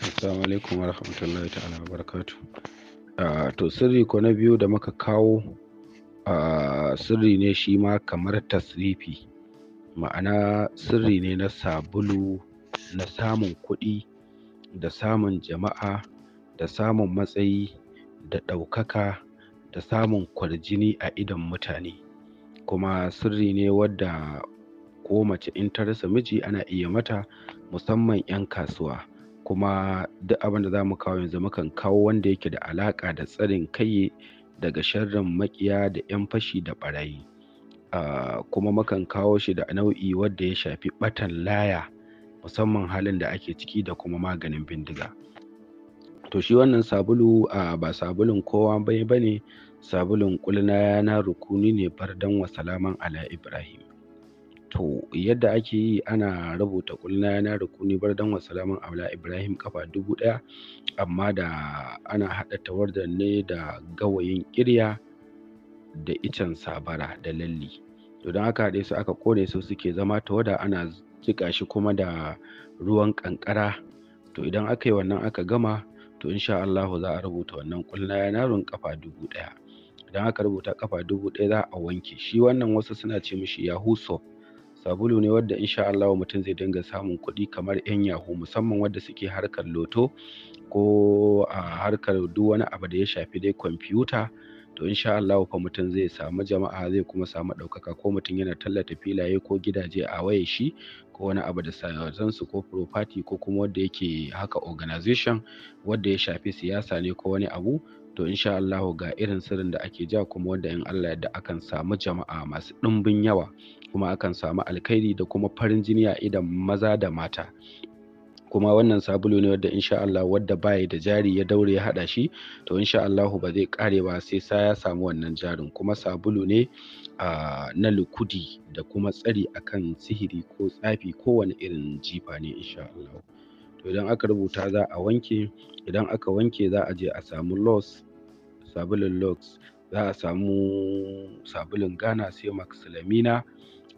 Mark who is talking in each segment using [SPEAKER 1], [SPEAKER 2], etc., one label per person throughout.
[SPEAKER 1] Assalamu alaikum wa rahmatullahi ta'ala wa barakatu. Ah, to sirri ko na biyu da muka kawo ah, sirri ne shi ma kamar tasrifi ma'ana sirri ne na sabulu na samun kuɗi da samun jama'a da samun matsayi da ɗaukaka da samun kwarjini a idon mutane kuma sirri ne wadda ko mace in ta rasa miji ana iya mata musamman 'yan kasuwa kuma duk abin za mu kawo yanzu mukan kawo wanda yake da alaƙa da tsarin kai daga sharrin makiya da 'yan fashi da ɓarayi kuma mukan kawo shi da nau'i wadda ya shafi ɓatan laya musamman halin da ake ciki da kuma maganin bindiga to shi wannan sabulu a ba sabulun kowa bai bane sabulun kulna na rukuni ne fardan wa salaman ala ibrahim to yadda ake yi ana rubuta kulna na rukuni bardan wa salaman abla ibrahim kafa dubu ɗaya amma da ana haɗa tawarda ne da gawayin ƙirya da icen sabara da lalli to don haka haɗe su aka kone su suke zama tawada ana jiƙa shi kuma da ruwan ƙanƙara to idan aka yi wannan aka gama to insha Allahu za a rubuta wannan kulna yanarun kafa dubu ɗaya idan aka rubuta ƙafa dubu ɗaya za a wanke shi wannan wasu suna ce mishi yahoo soap sabulu ne wadda insha Allah mutum zai dinga samun kuɗi kamar 'yan yahu musamman wadda suke harkar loto ko a harkar duk wani abu da ya shafi dai kwamfuta to insha Allah fa mutum zai samu jama'a zai kuma samu ɗaukaka ko mutum yana tallata filaye ko gidaje a waye shi ko wani abu da su ko property ko kuma wanda yake haka organization wanda ya shafi siyasa ne ko wani abu to insha Allah ga irin sirrin da ake ja kuma wanda in Allah yadda akan samu jama'a masu ɗumbin yawa kuma akan samu alkhairi da kuma farin jini a idan maza da mata kuma wannan sabulu ne wadda insha Allah wadda baya da jari ya daure ya hada shi to insha Allah ba zai kare ba sai sa ya samu wannan jarin kuma sabulu ne uh, na lukudi da kuma tsari akan sihiri ko tsafi ko wani irin jifa ne insha Allah to idan aka rubuta za a wanke idan aka wanke za a je a samu los sabulun loss za a samu sabulun Gana sai maxlamina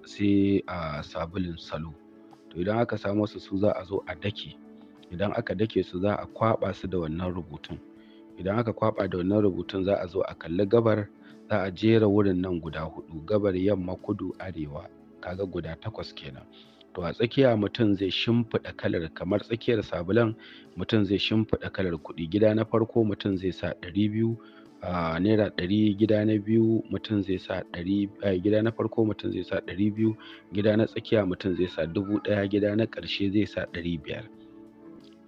[SPEAKER 1] sai a sabulin salo to idan aka samu su su za a zo a dake idan aka dake su za a kwaba su da wannan rubutun idan aka kwaba da wannan rubutun za a zo a kalli gabar za a jera wurin nan guda hudu gabar yamma kudu arewa kaga guda takwas kenan to a tsakiya mutum zai shimfiɗa kalar kamar tsakiyar sabulan mutum zai shimfiɗa kalar kuɗi gida na farko mutum zai sa ɗari biyu A naira ɗari gida na biyu mutum zai sa ɗari gida na farko mutum zai sa ɗari biyu gida na tsakiya mutum zai sa dubu ɗaya gida na ƙarshe zai sa ɗari biyar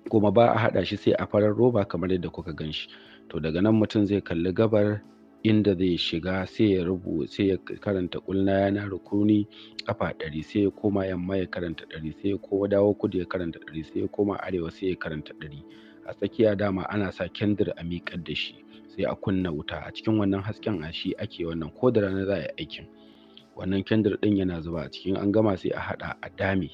[SPEAKER 1] kuma ba a haɗa shi sai a farar roba kamar yadda kuka gan shi to daga nan mutum zai kalli gabar inda zai shiga sai ya rubu sai ya karanta ƙulna yana rukuni ƙafa ɗari sai ya koma yamma ya karanta ɗari sai ya koma dawo kudu ya karanta ɗari sai ya koma arewa sai ya karanta ɗari a tsakiya dama ana sa kendir a miƙar da shi sai a kunna wuta a cikin wannan hasken a shi ake wannan ko da rana za a yi aikin wannan kendir din yana zuba a cikin an gama sai a hada a dame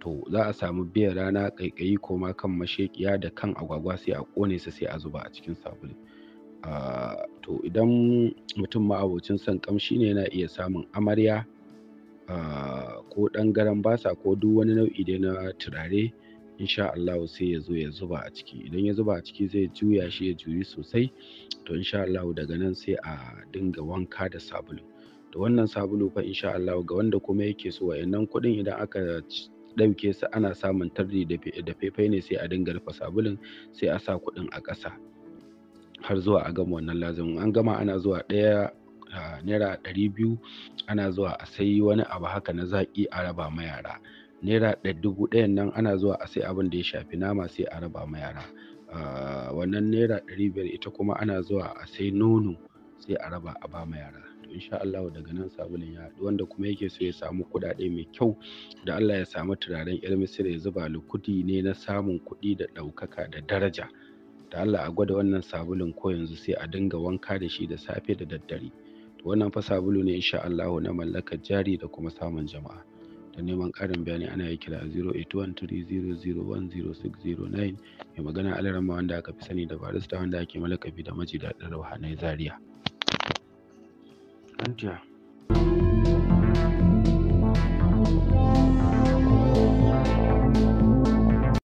[SPEAKER 1] to za a samu biyan rana kaikayi ko ma kan mashekiya da kan agwagwa sai a kone su sai a zuba a cikin sabulu to idan mutum ma'abocin son kamshi ne yana iya samun amarya ko ɗan garan basa ko duk wani nau'i dai na turare insha Allahu sai ya zo ya zuba a ciki idan ya zuba a ciki zai juya shi ya juyi sosai to insha Allahu daga nan sai a dinga wanka da sabulu to wannan sabulu fa insha Allahu ga wanda kuma yake so wayannan kuɗin idan aka ɗauke su ana samun tardi da faifai ne sai a dinga rufe sabulun sai a sa kuɗin a ƙasa har zuwa a gama wannan lazimin an gama ana zuwa ɗaya naira ɗari biyu ana zuwa a sai wani abu haka na zaƙi a raba ma yara naira dubu ɗaya nan ana zuwa a sai abin da ya shafi nama sai a raba ma yara wannan naira ɗari biyar ita kuma ana zuwa a sai nono sai a raba a ba ma yara to insha Allah daga nan sabulun ya haɗu wanda kuma yake so ya samu kuɗaɗe mai kyau da Allah ya samu turaren yar misir ya zuba lukudi ne na samun kuɗi da ɗaukaka da daraja da Allah a gwada wannan sabulun ko yanzu sai a dinga wanka da shi da safe da daddare to wannan fa sabulu ne insha Allah na mallakar jari da kuma samun jama'a da neman ƙarin bayani ana yi kira a 08130010609 mai magana alarama wanda aka fi sani da barista wanda ake malakafi da maji daɗin rauhanai zaria.